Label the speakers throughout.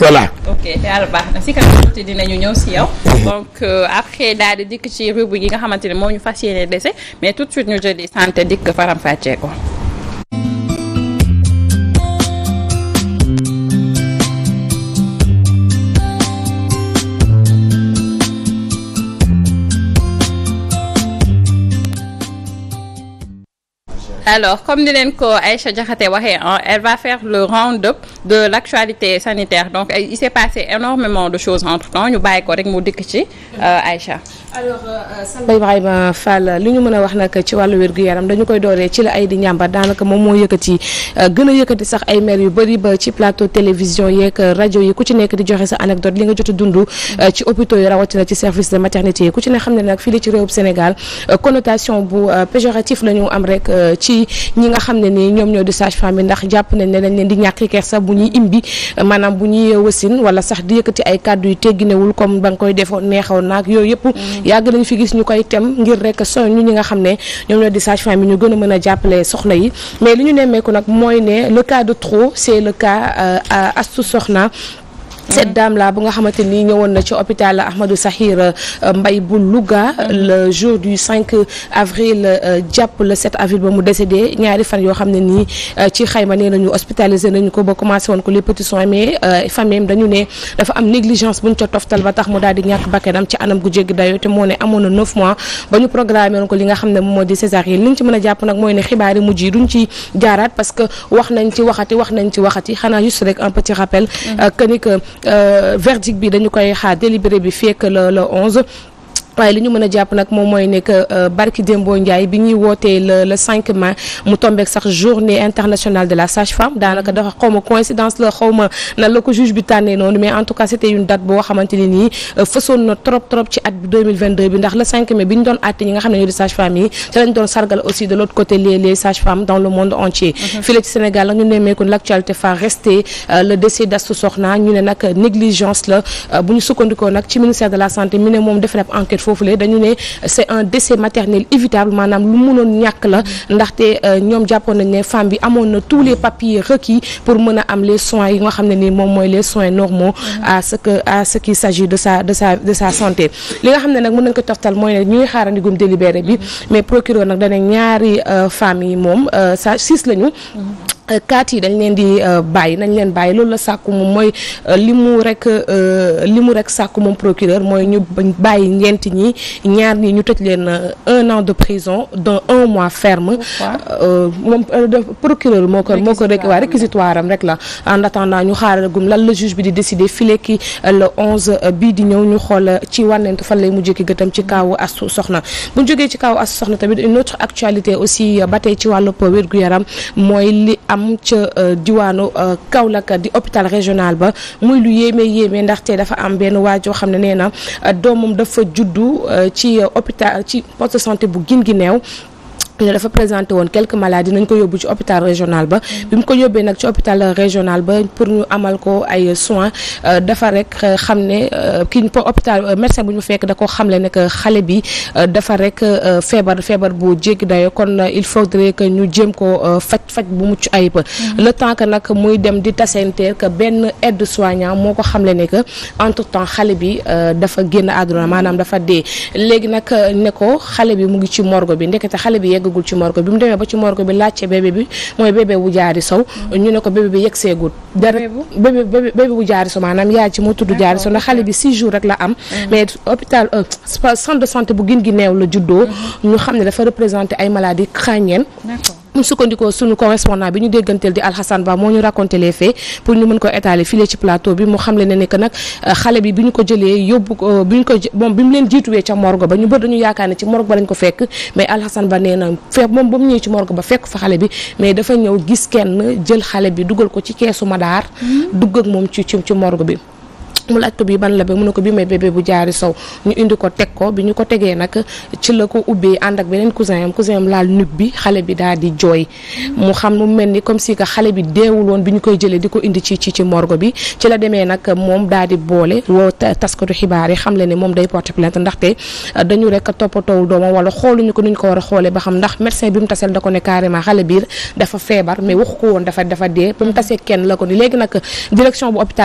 Speaker 1: voilà ok yàlla baax na si kanam tuuti dinañu ñëw si yow. Mhm. donc euh, après daal di dikk ci rubrique yi nga xamante ne moo ñu fas yéene dese mais tout de suite ñu jëli santé dikk faram ko. alors comme ni leen ko Aïcha Diakhaté waxee elle va faire le round-up de l'actualité sanitaire donc il s'est passé énormément de choses entre-temps ñu bàyyi ko rek mu dikk ci euh, Aïcha alors
Speaker 2: euh, euh, Samba Ibrahima Fall li ñu mën a wax nag ci wàllu wér-gu-yaram dañu koy dooree ci la ay di ñàmbar daanaka yëkkati gën yëkkati sax ay maire yu bëri ba ci plateau télévision yeeg rajo yi ku ci nekk di joxe sa anecdote li nga joti a dund ci hôpitaux yi rawatina ci service de maternité yi ku ci ne xam ne nag fii li ci réewum Sénégal connotation bu péjoratif la ñu am rek ci ci ñi nga xam ne ni ñoom ñoo di sage femme yi ndax jàpp nañ ne dañ leen di ñàkk kersa bu ñuy imbi maanaam bu ñuy wasin wala sax di yëkkati ay kàddu yu tegginewul comme ba nga koy defoon neexoon naag yooyu yëpp mm-hmm. yàgg nañ fi gis ñu koy tem ngir rek soññu ñi nga xam ne ñoom ñoo di sage femme ñu gën a mën a jàppale soxna yi mais li ñu nemmeeku nag mooy ne le cas de trop c'est le cas euh, astu soxna cette mm-hmm. dame là bu nga xamante ni ñëwoon na ci hôpital Ahmadou Sakhir euh, Mbaye bu Louga mm-hmm. le jour du 5 avril euh, jàpp le 7 avril ba mu décédé ñaari fan yoo xam ne nii euh, ci xayma nee nañu hospitalisé nañu ko ba commencé woon ko les ba tax mu daal di ñàkk bakkanam ci anam li nga xam ne moom moo di liñ ci mën a jàpp nag mooy ne xibaar yi mujj yi duñ ci jaaraat parce que wax nañ ci waxati wax nañ ci waxati xanaa juste rek un petit rappel mm-hmm. que Euh, verdict bi dañu koy xaar délibéré bi fekk la le 11 waaye li ñu mën a jàpp nag moom mooy nekk euh, barki Dembo Ndiaye bi ñuy wootee le le 5 mai mu tombeek sax journée internationale de la sage daanaka dafa xaw xamante ne nii euh, fësoon na trop trop ci at bi ndax le 5 mai bi ñu doon àtte ñi nga xam ne ñoo di sage yi te lañ doon sargal aussi de l'autre côté les les sages dans le monde entier mhm. fii la ci Sénégal nag ñu nemmeeku l'actualité fa rester euh, le décès d'Astou Sokhna ñu ne nag négligence la bu ñu foofulee dañu ne c'est un décès maternel évitable maanaam lu mënoon ñàkk la ndaxte euh, ñoom jàppoon nañ ne femme bi amoon na tous les papiers requis pour mën a am les soins yi nga xam ne nii moom mooy les soins normaux à ce que à ce qu'il s'agit de sa de sa santé li nga xam ne nag mun nañ ko toftal mooy ne ñu ngi xaarandigum délibéré bi mais procureur nag dana ñaari euh, femmes yi moom sa euh, six lañu kaat yi dañ leen di euh, bàyyi nañ leen bàyyi loolu la sàkku moom mooy euh, li mu rek euh, li mu rek sàkku moom procureur mooy ñu bàyyi ñeent ñi ñaar ñi ñu tëj leen un an de prison dont un mois ferme moom procureur moo ko moo ko rek waa réquisitoire am rek la en attendant ñu xaaragum lan la juge bi di décider file ki le 11 bii di ñëw ñu xool ci wànnent fan lay mujjee ki gëtam ci kaawu Astou Sokhna bu ñu jógee ci kaawu Astou soxna tamit une autre actualité aussi ba tey ci wàllu wér gu yaram am ca euh, diwaanu euh, Kaolack di hôpital régional ba muy lu yéeme yéeme ndaxte dafa am benn waajoo xam ne nee na euh, doomam dafa juddu ci hôpital ci poste de santé bu Guinguinéo ne dafa présenté woon quelques maladies nañ ko yóbbu ci hôpital ba bi mu ko yóbbee nag ci régional ba pour ñu amal ko ay soins euh, dafa rek euh, xam ne euh, kii pour hôpital médecin bu ñu fekk da ko xamle ne que xale bi dafa rek feebar feebar bu jéggi dayo kon il faudrait que ñu jéem ko faj faj bu mucc ay ayib mm-hmm. le temps que nag muy dem di tasenteer que benn aide soignant moo ko xamle ne que entre temps xale bi dafa génn àdduna maanaam dafa dee léegi nag ne ko xale bi mu ngi ci morgue bi ndekete xale bi yegg eggagul ci morgue bi mu demee ba ci morgue bi laajte bébé bi mooy bébé bu jaari sow ñu ne ko bébé bi yegg dara bébé bu jaari sow maanaam yaay ci moo tudd jaari sow ndax xale bi six jours rek la am mm-hmm. mais hôpital euh, centre bu gin gi neew la juddoo mm-hmm. ñu xam ne dafa représenté ay maladies crâniennes mu sukkandikoo sunu correspondant bi ñu dégganteel di Alhassane Ba moo ñu raconté les faits pour ñu mën ko étaler file ci plateau bi mu xamle ne nekk nag euh, xale bi bi ñu ko jëlee yóbbu ko euh, bi ñu ko moom bi mu leen jiituwee ca morgo ba ñu bër dañu yaakaar ne ci morgue ba lañ ko fekk mais Alhassane Ba nee na fekk moom ba mu ñëwee ci morgue ba fekk fa xale bi mais dafa ñëw gis kenn jël xale bi dugal ko ci keesu madaar mm-hmm. dugg ak moom ci ci morgue bi mu laaj ko bii ban la be mu ne ko bii may bébé bu jaari sow ñu indi ko teg ko bi ñu ko tegee nag ci la ko ubbee ànd ak beneen cousin am cousin am laal nub bi xale bi daal di jooy mu xam mu mel ni comme si que xale bi deewul woon bi ñu koy jëlee di ko indi ci ci ci morgue bi ci la demee nag moom daal di boole woo taskatu xibaar yi xam le ne moom day porter plainte ndaxte euh, dañu rek toppatoowul doomam wala xooluñu ko nuñ ko war a xoolee ba xam ndax médecin bi mu taseel da ko ne carrément xale biir dafa feebar mais waxu ko woon dafa dafa dee ba mu tasee kenn la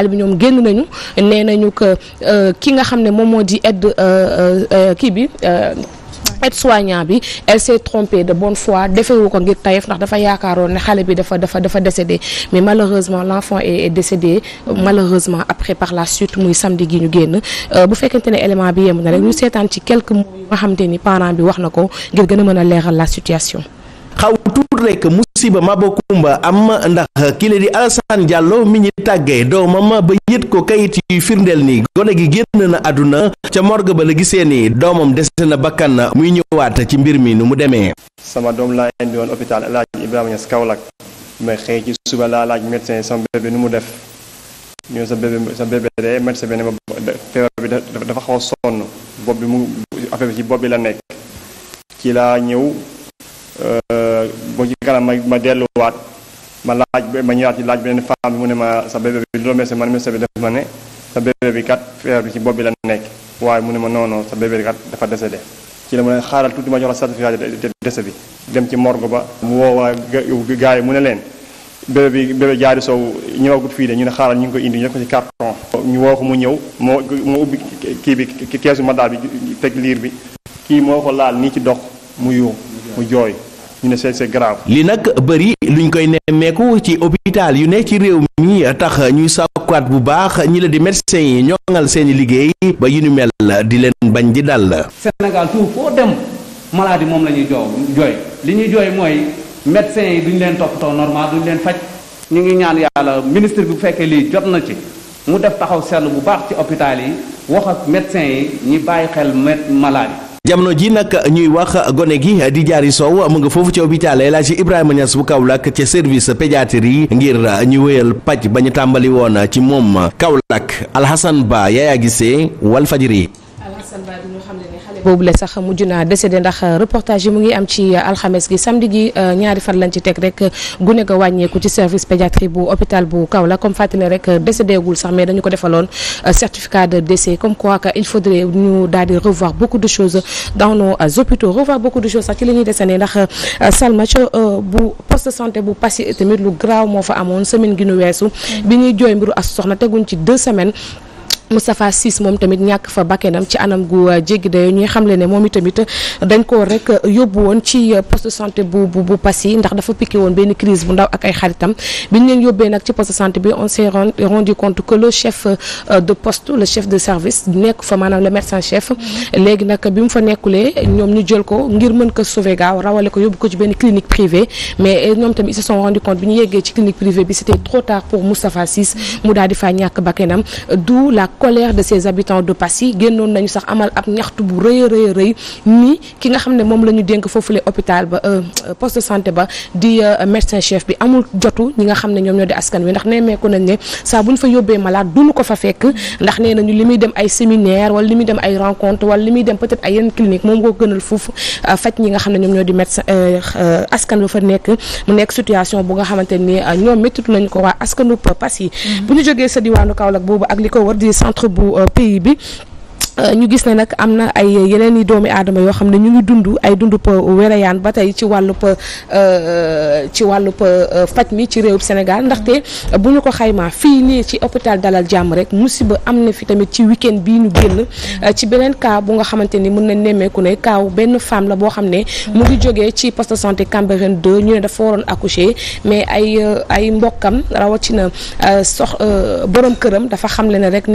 Speaker 2: bi ñoom génn nañu nee nañu que euh, ki nga xam ne moom moo di aide euh, euh, kii bi aide-soignant bi elle s'est trompée de bonne foi defewu ko ngir tayef ndax dafa yaakaaroon ne xale bi dafa dafa dafa décédé mais malheureusement l'enfant et décédé mm. malheureusement après par la suite muy samedi gi ñu génn bu fekkente ne élément bi yem na rek ñu seetaan ci quelques mots yu nga xamante ni parent bi wax na ko ngir gën a mën a leeral la situation
Speaker 3: xaw tuut rek musiba mabakumba am ndax ki la di Alassane Diallo mi ñi tàggee doomam ba yët ko kayit yuy firndeel ni gone gi génn na àdduna ca morgo ba la gisee ni doomam dese na bakkan na muy ñëwaat ci mbir mi nu mu demee. sama doom laa indi woon hôpital El Hadj Ibrahima Niass Kaolack mais xëy ci suba laa laaj médecin sama bébé nu mu def ñun sa bébé sa bébé de médecin bi ne ma bi dafa xaw a sonn bopp bi mu affaire bi ci bopp bi la nekk ci laa ñëw. bu ci kanam ma ma delluwaat ma laaj ma ñëwaat yi laaj beneen femme bi mu ne ma sa bébé bi lu la mees man mees bi def ma ne sa bébé bi kat feer bi ci bopp bi la nekk waaye mu ne ma noonu sa bébé bi kat dafa décédé ci la mu ne xaaral tuuti ma jox la certificat de décès bi dem ci morgue ba mu woo waa gars yi mu ne leen bébé bi bébé jaari sow ñëwagut fii de ñu ne xaaral ñu ngi ko indi ñu def ko ci carton ñu woo ko mu ñëw moo mu ubbi kii bi keesu ma daal bi teg liir bi kii moo ko laal nii ci dox mu yuux jooy ñu ne li nag bëri luñ koy nemmeeku ci hôpital yu ne ci réew mi tax ñuy sàkkuwaat bu baax ñi la di médecins yi ñoŋal seen i liggéey ba yu ni mel di leen bañ di dal. Sénégal tout foo dem maladie moom la ñuy jooy li ñuy jooy mooy médecins yi duñ leen toppatoo normal duñ leen faj ñu ngi ñaan yàlla ministre bi bu fekkee lii jot na ci mu def taxaw seetlu bu baax ci hôpital yi wax ak médecins yi ñi bàyyi xel maladie. jamono ji nag ñuy wax gone gi di jaari soow mu nga foofu ca hôpital El Hadji Ibrahima Niass bu Kaolack ca service pédiatrie ngir ñu wéyal paj ba ñu tàmbali woon ci moom Kaolack Alhassane Ba gisee Gissé Walfadjri
Speaker 2: boobu la sax mujj naa décédé ndax euh, reportage yi mu ngi am ci euh, alxames gi samedi gi euh, ñaari fan lañ ci teg rek gune ko wàññeeku ci service pédiatrie bu hôpital bu Kaolack comme fàttali rek décédé gul sax mais dañu ko defaloon certificat de décès comme quoi que il faudrait ñu daal di revoir beaucoup de choses dans nos hôpitaux revoir beaucoup de choses sax ci lañuy ñuy desene ndax Salma ci bu poste de santé bu Passy tamit lu graaw moo fa amoon semaine gi nu weesu mm. bi ñuy jooy mbiru as soxna teguñ ci deux semaines Moustapha Ciss moom tamit ñàkk fa bakkenam ci anam gu euh, jéggi dayo ñuy xamle ne moom itamit dañ ko rek euh, yóbbu woon ci euh, poste de santé bu bu bu Passy ndax dafa piqué woon benn crise bu ndaw ak ay xaritam ñu leen yóbbee nag ci poste de santé bi on s'est rendu compte que le chef de poste le chef de service nekk fa maanaam le médecin chef mm-hmm. léegi nag bi mu fa nekkulee ñoom ñu jël ko ngir mën ko sauver gaaw rawale ko yóbbu ko ci benn clinique privée mais ñoom tamit ils se sont rendu ñu yeggee ci clinique privée bi c'était trop tard pour mm-hmm. mu daal di faa ñàkk bakkenam d'où la colère de ses habitants de Passy génnoon nañu sax amal ab ñaxtu bu rëy a rëy rëy ki nga xam ne moom la ñu dénk foofule hôpital ba euh, poste de santé ba di euh, médecin chef bi amul jotu ñi nga xam ne ñoom ñoo di askan wi ndax nemmeeku nañ ne saa bu ñu fa yóbbee malade duñu ko fa fekk ndax nee nañu li muy dem ay séminaire wala li muy dem ay rencontre wala li muy dem peut-être ay yenn clinique moom koo gënal foofu euh, ñi nga xam ne ñoom ñoo di médecin askan ba fa nekk mu nekk situation bu nga xamante ni ñoom méttitu nañu ko waa askanu Passy mm-hmm. bu ñu jógee sa diwaanu Kaolack boobu ak li ko wër di centre bu euh, pays bi Euh, ñu gis ne nag am na ay yeneen i doomi aadama yoo xam ne ñu ngi dundu ay dund pa wereyaan ba tey ci wàllub euh, ci wàllub euh, faj mi ci réew Sénégal mm-hmm. ndaxte bu ñu ko xaymaa fii nii ci hôpital Dalal Jàmm rek musiba am na fi tamit ci week-end bii ñu génn mm-hmm. ci beneen cas bu nga xamante ni mën na nemmeeku ne kaaw benn femme la boo xam ne mm-hmm. mu ngi jógee ci poste de santé Cambérène 2 ñu ne dafa waroon accoucher mais ay ay mbokkam rawatina sox borom këram dafa xam ne rek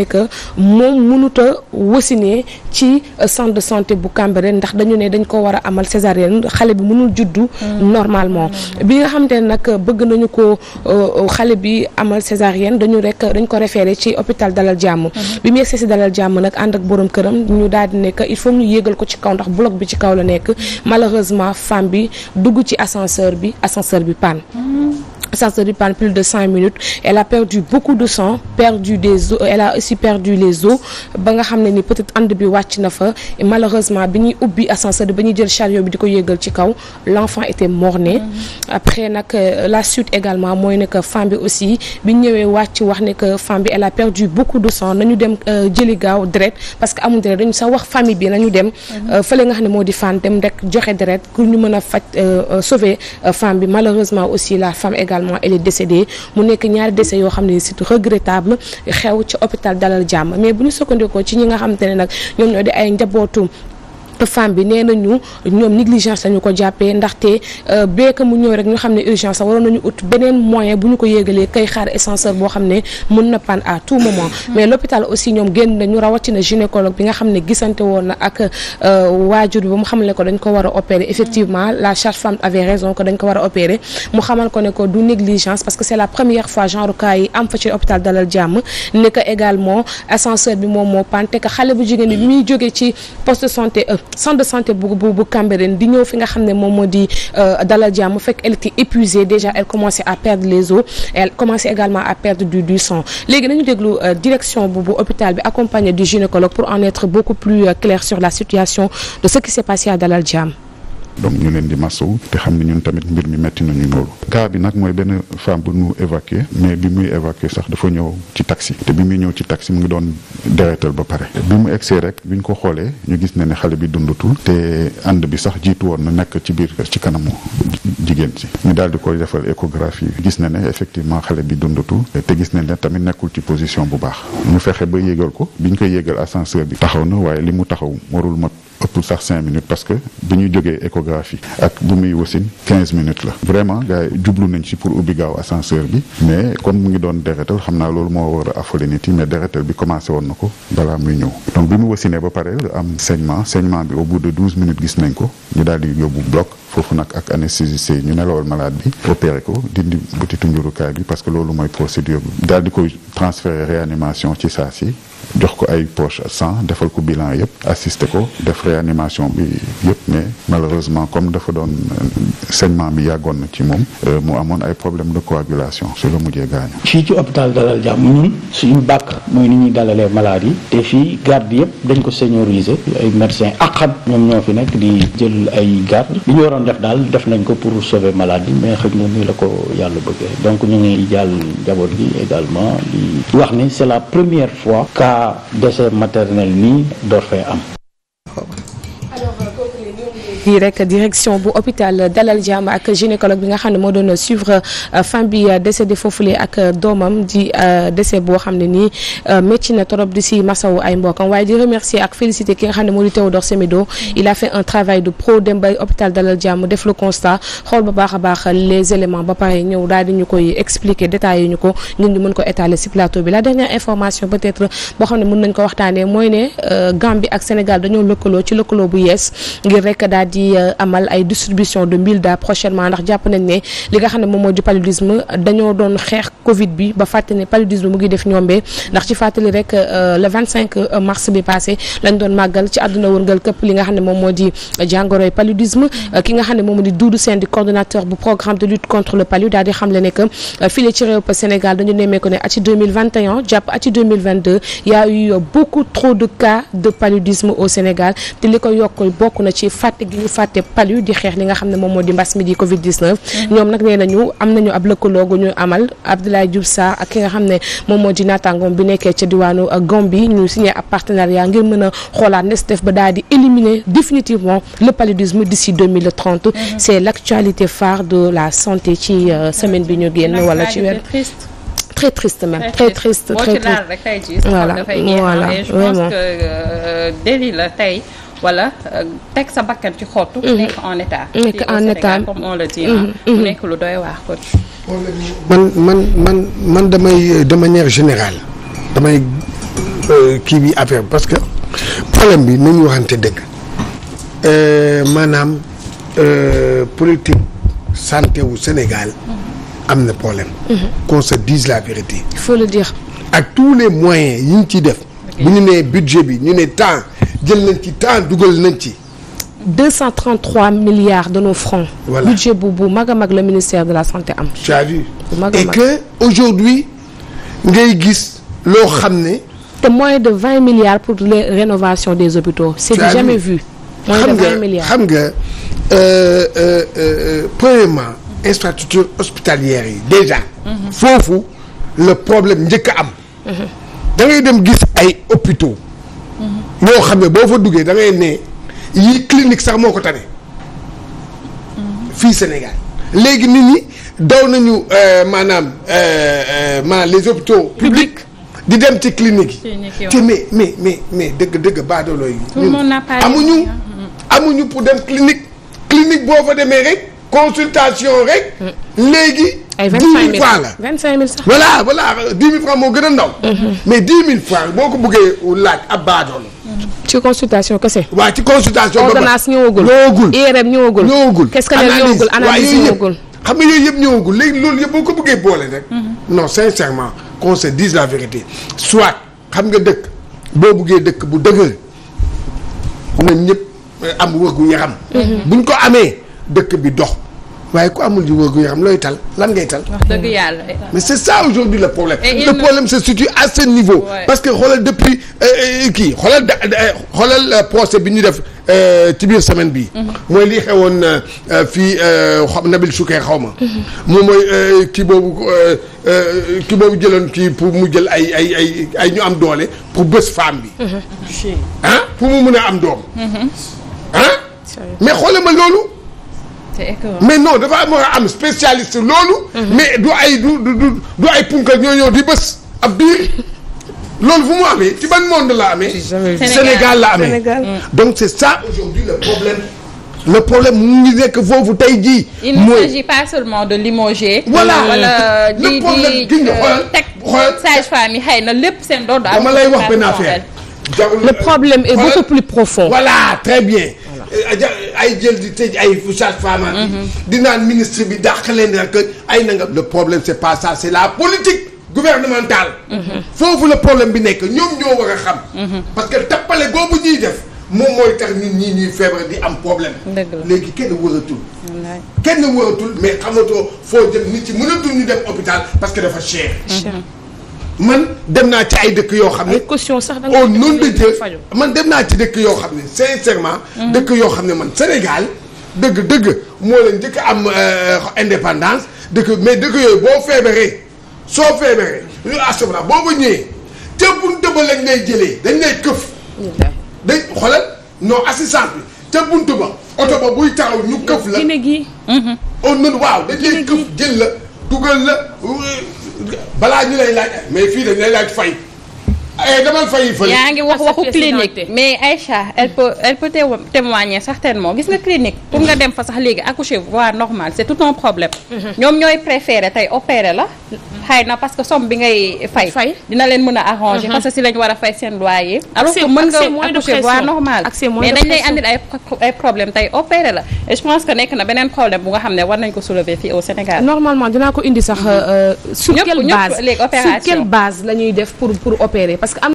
Speaker 2: vacciner ci euh, centre de santé bu Cambérène ndax dañu ne dañ ko war a amal césarienne xale bi mënul juddu mm. normalement mm. bi nga xamante ne nag euh, bëgg nañu ko euh, xale bi amal césarienne dañu rek dañ ko refere ci hôpital Dalal Jàmm mm-hmm. bi mu yegsee si Dalal Jàmm nag ànd ak borom këram ñu daal di nekk il faut ñu yéegal ko ci kaw ndax bloc bi ci kaw la nekk mm-hmm. malheureusement femme bi dugg ci ascenseur bi ascenseur bi panne mm-hmm. ça se dépanne plus de cinq minutes elle a perdu beaucoup de sang perdu des os elle a aussi perdu les os ba nga xam ne ni peut-être ànd bi wàcc na fa et malheureusement bi ñuy ubbi ascenseur ba ñuy jël chariot bi di ko yéegal ci kaw l'enfant était mort-né mhm. après nag euh, la suite également mooy ne que femme bi aussi bi ñu ñëwee wàcc wax ne que femme bi elle a perdu beaucoup de sang nañu dem euh, jëli gaaw deret parce que amul deret dañu sax wax famille bi nañu dem mhm. euh, fële nga xam ne moo di femme dem rek joxe deret ñu mën a faj sauver femme bi malheureusement aussi la femme également elle est décédée mu nekk ñaari décès yoo xam ne surtout regrettable xew ci hôpital Dalal Jàmm mais bu ñu sukkandikoo ci ñi nga xamante ne nag ñoom ñoo di ay njabootu te femme bi nee nañu ñoom négligence lañu ko jàppee ndaxte euh, beeka mu ñëw rek ñu xam ne urgence sax waroon nañu ut beneen moyen bu ñu ko yéegalee kay xaar ascenseur boo xam ne mun na pan à tout moment mm-hmm. mais l'hôpital aussi ñoom génn nañu rawatina gynécologue bi nga xam ne gisante woon na ak euh, waajur bi ba mu xamale ko dañ ko war a opérer mm-hmm. effectivement la sage-femme avait raison que dañ ko war a opérer mu xamal ko ne ko du négligence parce que c'est la première fois genre cas Jàmm ne que également bi moom moo pan te que xale bu jigéen bi ci poste de euh, centre de santé bu bu bu Cambérène di ñëw fi nga xam ne moom moo di euh, Dalal Jàmm mu fekk elle était épuisée déjà elle commençait à perdre les os elle commençait également à perdre du du sang léegi nañu déglu euh, direction bu bu hôpital bi accompagné du gynécologue pour en être beaucoup plus euh, clair sur la situation de ce qui s'est passé à Dalal Jàmm
Speaker 4: donc ñu leen di masawu te xam ne ñun tamit mbir mi métti nañu loolu cas bi nag mooy benn femme bu ñu évacué mais bi muy évacué sax dafa ñëw ci taxi te bi muy ñëw ci taxi mu ngi doon deretal ba pare bi mu egsee rek bi ñu ko xoolee ñu gis ne ne xale bi dundatul te ànd bi sax jiitu woon na nekk ci biir ci kanamu jigéen si ñu daal di koy defal échographie gis na ne effectivement xale bi dundatul te gis nañ ne tamit nekkul ci position bu baax ñu fexe ba yéegal ko biñ koy yéegal ascenseur bi taxaw na waaye li mu taxaw warul mat ëpp sax cinq minutes parce que bi ñu jógee échographie ak bu muy wasin quinze minutes la vraiment gars yi jublu nañ ci pour ubbi gaaw ascenseur bi mais comme mu ngi doon deretal xam naa loolu moo war a affolé nit yi mais deretal bi commencé woon na ko balaa muy ñëw donc bi mu wasinee ba pare am saignement saignement bi au bout de douze minutes gis nañ ko ñu daal di yóbbu bloc foofu nag ak anesthésiste yi ñu nelawal malade bi opéré ko dindi bëtitu njurukaay bi parce que loolu mooy procédure daal di koy transféré réanimation ci saa si jox ko ay poche sang defal ko bilan yëpp assisté ko def réanimation bi yëpp mais malheureusement comme dafa doon euh, saignement bi yàggoon na ci moom euh, mu amoon ay problème de coagulation su la mujjee
Speaker 3: gaañu. fii ci hôpital Dalal Jàmm ñun suñu bàkk mooy ni ñuy dalalee malade yi te fii garde yëpp dañ ko sénioriser ay médecins ak xam ñoom ñoo fi nekk di jël ay garde li ñu waroon def daal def nañ ko pour sauver malade yi mais xëy na nii la ko yàlla bëggee donc ñu ngi jàll njaboot la pas décès maternel ni door fay am
Speaker 2: fii rek direction bu hôpital Dalal Jàmm ak gynécologue bi nga xam ne moo doon suivre euh, femme bi euh, décédé foofule ak euh, doomam di décès boo xam ne nii métti na torop di si masawu ay mbokkam waaye di remercier ak féliciter ki nga xam ne moo di Théodore Semedo il fait un travail de pro dem ba hôpital Dalal Jàmm def le constat xool ba baax a baax les éléments ba pare ñëw daal ñu koy expliquer détaillé ñu ko ngir ñu mën ko étaler si plateau bi la dernière information peut-être boo xam ne mën nañ ko waxtaanee mooy ne Gambie ak Sénégal bu yees di euh, amal ay distribution de mille daa prochainement ndax jàpp nañ ne li nga xam ne moom mooy di paludisme dañoo doon xeex Covid bi ba fàtte ne paludisme mu ngi def ñombee ndax ci fàttali rek euh, le 25 euh, mars bi passé lañ doon màggal ci àdduna wërngal këpp li nga xam ne moom moo di jàngoroy paludisme ki nga xam ne moom moo di Doudou Sène di coordonnateur bu programme de lutte contre le palu daal di xam le ne que fii ci réew Sénégal dañu nemmee ko ne at jàpp at ci 2022 y a eu beaucoup trop de cas de paludisme ñu fàtte palu di xeex li nga xam ne moom moo di mbas mi di Covid 19. ñoom nag nee nañu am nañu ab lëkkaloo gu ñu amal Abdoulaye Diouf Sarr ak ki nga xam ne moom moo di naataangoom bi nekkee ca diwaanu Gambie ñu signé ab partenariat ngir mën a xoolaat nes def ba daal di éliminer définitivement le paludisme d'ici 2030. Mhm. c'est l'actualité phare de la santé ci euh, semaine bi ñu génn wala ci weer. très triste même très triste très
Speaker 1: triste. voilà voilà vraiment. Euh, déli la tey. wala euh, teg sa bakkan ci xottu. Mhm. nekk en état. nekk en état mhm. mu mhm. nekk lu doy waar ko
Speaker 3: man man man damay euh, de manière générale damay euh, kii bi affaire parce que problème bi nañu waxante dëgg maanaam politique santé wu Sénégal am na problème. qu'on se la vérité. ak tous les moyens yi ñu ciy def. bu ñu nee budget bi ñu ne temps. jël nañ ci temps dugal nañ ci.
Speaker 2: 233 milliards de nos francs. voilà budget bu bu mag a mag la ministère de la santé am. tu
Speaker 3: as vu et que
Speaker 2: aujourd'hui ngay gis loo xam ne. te moins de 20 milliards pour les rénovations des hôpitaux. c'est du jamais vu. moins de 20 milliards xam
Speaker 3: nga xam euh, nga euh, euh, premièrement infrastructure hospitalière yi déjà. Mhm. foofu le problème njëkk a am. Mhm. da dem gis ay hôpitaux. Mhm. ñoo xam ne boo fa duggee da ngay ne yii sax moo ko tane fii Sénégal léegi nit ñi daw nañu euh, maanaam euh, euh, maanaam les hôpitaux publics di dem ci clinique
Speaker 1: yi te mais
Speaker 3: mais mais mais dëgg dëgg baadoolo amuñu amuñu pour dem clinique clinique boo fa demee rek consultation rek mm. léegi ay vingt cinq la
Speaker 2: vingt cinq mille sax voilà voilà
Speaker 3: dix moo gën a ndaw mm-hmm. mais dix mille francs boo ko bëggee laaj ab baadoolo
Speaker 2: ci consultation kese. waaw ci consultation. ba pare ordonnance ñëwagul. ñëwagul IRM ñëwagul. ñëwagul analyse waaye yooyu yëpp xam nga yooyu yëpp ñëwagul
Speaker 3: loolu yëpp boo ko bëggee boole rek. Mhm. non sincèrement qu'on se dise la vérité soit xam nga dëkk boo bëggee dëkk bu dëgër na ñëpp euh, am wër gu yaram. Mhm. buñ ko amee dëkk bi dox. waaye ku amul niveau gu xam looy tal lan ngay tal. wax dëgg
Speaker 1: yàlla. mais
Speaker 3: c' est ça aujourd'hui le problème. le problème se situe à ce niveau. parce que xoolal depuis euh, euh, kii xoolal da xoolal euh, procès bi ñu def ci biir semaine bii. Mhm. mooy li xewoon fii Nabil Choucair xaw ma. Mhm. moom mooy kii boobu kii boobu jëloon kii pour mu jël ay ay ay ay ñu am doole pour bés femme bi. ah pour mu mun a am doom. ah mais xoolal ma loolu. mais non dafa am am spécialiste loolu. Mhm. mais du ay du du du ay punkal ñoo ñëw di bës ab biir. loolu fu mu amee ci ban monde la amee. Sénégal la amee mm. donc c' ça le problème. le problème mu ngi nekk foofu tey jii. il ne s'agit
Speaker 1: pas seulement de limoger. voilà euh, wala di di euh, teg sage-femme xëy na lépp seen doon. dama lay wax benn affaire.
Speaker 2: le problème est beaucoup plus profond. voilà très bien.
Speaker 3: ay jël di tëj ay Foussat Fama. Mhm. di naan ministre bi dàq leen ak ay nangam. le problème c'est pas ça c'est la politique gouvernementale. Mhm. foofu le problème bi nekk ñoom ñoo war a xam. Mhm. parce que tappale goobu ñuy def. moom mooy tax nit ñi ñuy feebar di am problème. léegi kenn wëratul. kenn wëratul mais xamatoo foo jël nit ci mënatul ñu def hôpital parce que dafa cher. man dem naa ci ay dëkk yoo xam ne. caution sax au nom de Dieu man dem naa ci dëkk yoo xam ne sincèrement. Mhm. dëkk yoo xam ne man Sénégal dëgg dëgg moo leen njëkk am euh, indépendance dëkk mais dëkk yooyu boo feebaree soo feebaree ñu assurance boo ko ñëwee ca buntu ba lañ lay jëlee dañ lay këf. dañ xoolal non assistance bi ca buntu ba oto ba buy taxaw ñu këf la. gine gi. Mhm. Oh, on waaw dañ lay këf jël la dugal la. balaa ñu lay laaj mais fii dañ lay laaj fay. ay
Speaker 4: eh, demal fayi fële. yaa ngi
Speaker 1: wax waxu clinique mais Aïcha elle peut elle peut témoigner certainement gis nga clinique pour nga dem fa sax léegi accoucher voie normale c'est tout un problème. Mhm. ñoom ñooy préférer tey opérer la. xëy na parce que somme bi ngay fay. dina leen mën a arranger. Mhm. parce que si lañ war a fay seen loyer. alors que mën nga accoucher voie normale.
Speaker 2: mais dañ lay andil ay
Speaker 1: problème tey opérer la. je pense que nekk na beneen problème bu nga xam ne war nañ ko soulever fii au Sénégal.
Speaker 2: normalement dinaa euh, la ñuy def pour pour opérer